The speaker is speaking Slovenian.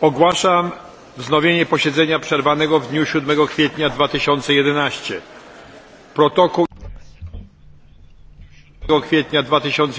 ogłaszam wznowienie posiedzenia przerwanego w dniu siedem kwietnia dwa tysiące jedenaście protokół kwietnia dwa tysiące.